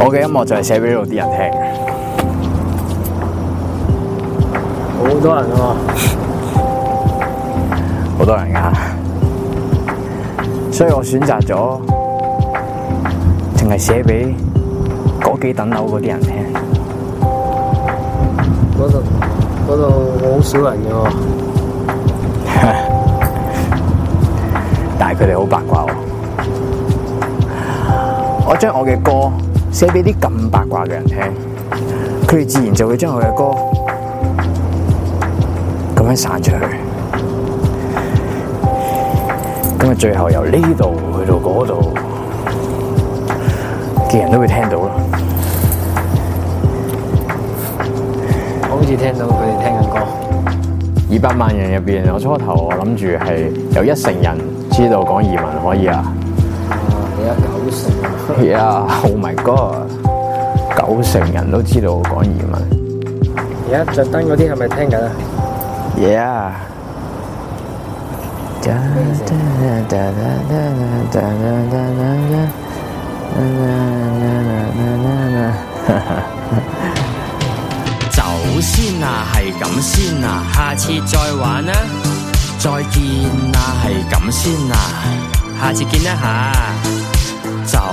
我嘅音樂就係寫畀呢度啲人聽，好多人啊，好多人㗎，所以我選擇咗，淨係寫畀嗰幾等樓嗰啲人聽。嗰度嗰度我好少人嘅喎，但係佢哋好八卦我，我，將我嘅歌。寫俾啲咁八卦嘅人聽，佢哋自然就會將佢嘅歌咁樣散出去。咁啊，最後由呢度去到嗰度嘅人都會聽到咯。我好似聽到佢哋聽緊歌。二百萬人入面，我初頭我諗住係有一成人知道講移民可以啊。Yeah, oh my god, 九成人都知道我講英文。而家着燈嗰啲係咪聽緊啊？Yeah。 走先啦、啊，係咁先啦、啊，下次再玩啦、啊。再見啦、啊，係咁先啦、啊，下次見啦吓。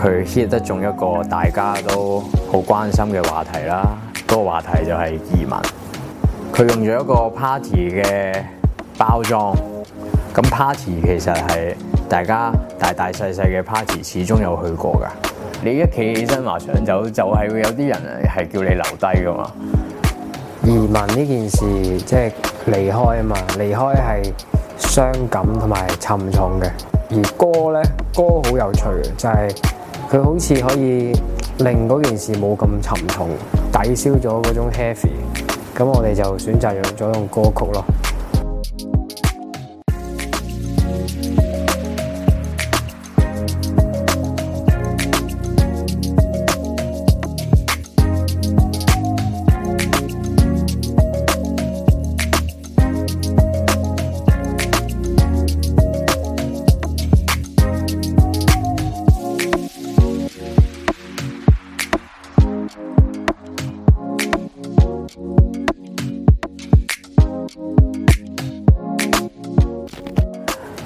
佢 hit 得中一個大家都好關心嘅話題啦，嗰個話題就係移民。佢用咗一個 party 嘅包裝，咁 party 其實係大家大大細細嘅 party，始終有去過噶。你一企起身話想走，就係會有啲人係叫你留低噶嘛。移民呢件事即係離開啊嘛，離開係傷感同埋沉重嘅。而歌咧，歌好有趣嘅就係。佢好似可以令嗰件事冇咁沉重，抵消咗嗰種 heavy。咁我哋就選擇用咗用歌曲咯。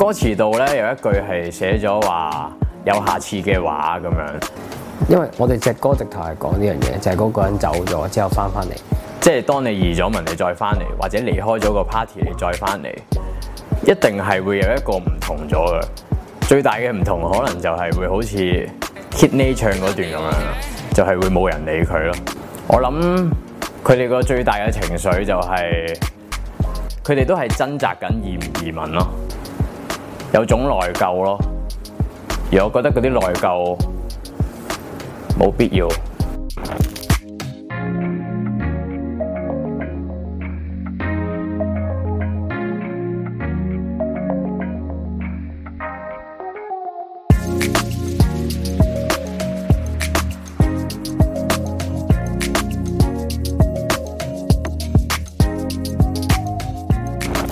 歌詞度咧有一句係寫咗話有下次嘅話咁樣，因為我哋隻歌直頭係講呢樣嘢，就係嗰個人走咗之後翻翻嚟，即係當你移咗民你再翻嚟，或者離開咗個 party 你再翻嚟，一定係會有一個唔同咗嘅。最大嘅唔同可能就係會好似 Kidney 唱嗰段咁樣，就係會冇人理佢咯。我諗佢哋個最大嘅情緒就係佢哋都係掙扎緊移唔移民咯。有種內疚囉，而我覺得嗰啲內疚冇必要。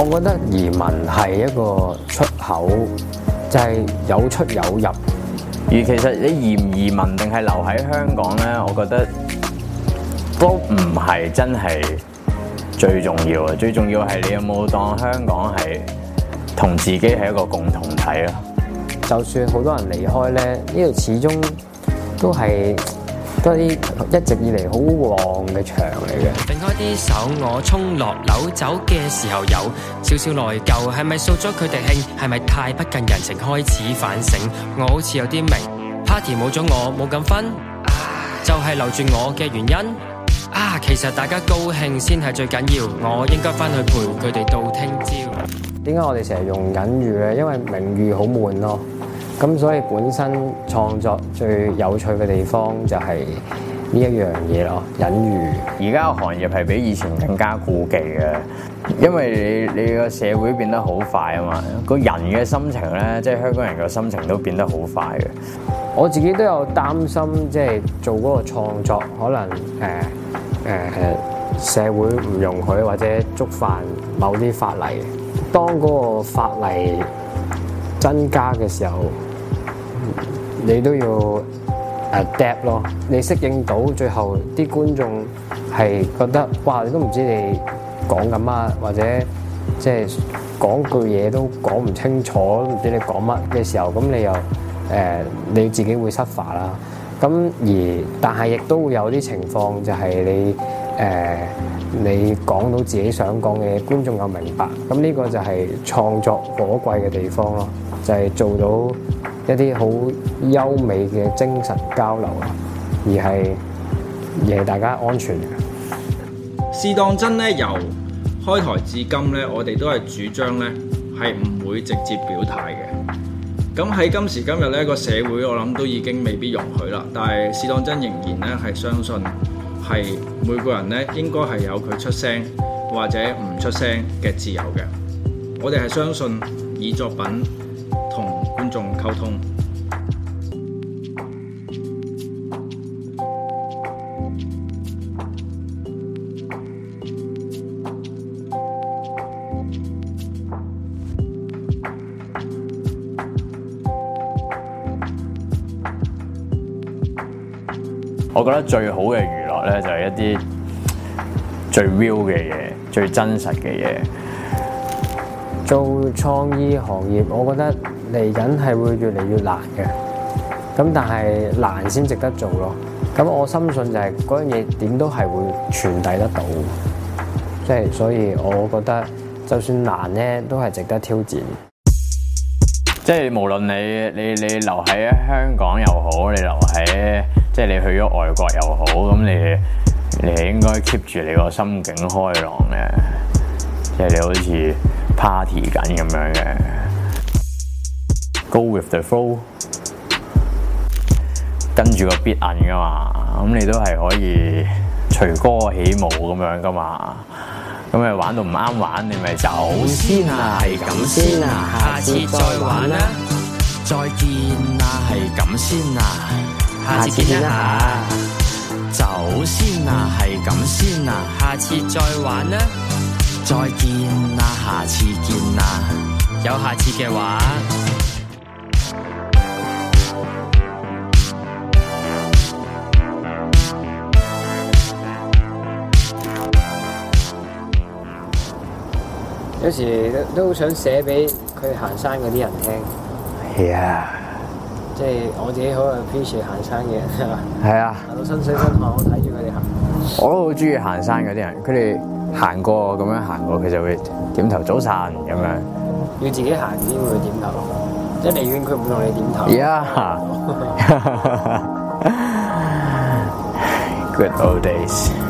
我覺得移民係一個出口，就係有出有入。而其實你移唔移民定係留喺香港咧，我覺得都唔係真係最重要啊！最重要係你有冇當香港係同自己係一個共同體咯。就算好多人離開咧，呢度始終都係。都係一直以嚟好旺嘅場嚟嘅。定開啲手，我衝落樓走嘅時候有少少內疚，係咪掃咗佢哋興？係咪太不近人情？開始反省，我好似有啲明。Party 冇咗我冇咁分，啊、就係、是、留住我嘅原因。啊，其實大家高興先係最緊要，我應該翻去陪佢哋到聽朝。點解我哋成日用隱喻咧？因為明喻好悶咯。咁所以本身創作最有趣嘅地方就係呢一樣嘢咯，隱喻。而家個行業係比以前更加顧忌嘅，因為你你個社會變得好快啊嘛，個人嘅心情咧，即係香港人嘅心情都變得好快嘅。我自己都有擔心，即係做嗰個創作可能誒誒社會唔容許，或者觸犯某啲法例。當嗰個法例增加嘅時候。你都要誒 adapt 咯，你適應到最後啲觀眾係覺得哇，都不你都唔知你講緊乜，或者即係講句嘢都講唔清楚，唔知你講乜嘅時候，咁你又誒、呃、你自己會失法啦。咁而但係亦都會有啲情況，就、呃、係你誒你講到自己想講嘅，觀眾又明白，咁呢個就係創作可貴嘅地方咯，就係、是、做到。一啲好優美嘅精神交流，而係而係大家安全嘅。試當真咧，由開台至今咧，我哋都係主張咧，係唔會直接表態嘅。咁喺今時今日呢個社會，我諗都已經未必容許啦。但係試當真仍然咧，係相信係每個人咧，應該係有佢出聲或者唔出聲嘅自由嘅。我哋係相信以作品。仲溝通。我覺得最好嘅娛樂咧，就係一啲最 real 嘅嘢，最真實嘅嘢。做創意行業，我覺得，嚟緊係會越嚟越難嘅，咁但係難先值得做咯。咁我深信就係嗰樣嘢點都係會傳遞得到，即係所以我覺得就算難咧都係值得挑戰。即係無論你你你留喺香港又好，你留喺即係你去咗外國又好，咁你你應該 keep 住你個心境開朗嘅，即係你好似 party 緊咁樣嘅。Go with the flow? 跟住個 beat 韻㗎嘛，咁你都係可以隨歌起舞咁樣㗎嘛，咁你玩到唔啱玩，你咪走先啊，係咁先啊，下次再玩啦、啊啊，再見啦、啊，係咁先啊，下次見啦、啊啊，走先啊，係咁先啊，下次再玩啦、啊，再見啦、啊。下次見啦、啊。有下次嘅話。有時都好想寫俾佢行山嗰啲人聽。係啊，即係我自己可能偏嗜行山嘅，係、yeah. 嘛？係啊，行到身水身汗，睇住佢哋行。我都好中意行山嗰啲人，佢哋行過咁樣行過，佢就會點頭早晨咁樣。要自己行先會點頭，即係離遠佢唔同你點頭。係啊。Good old days。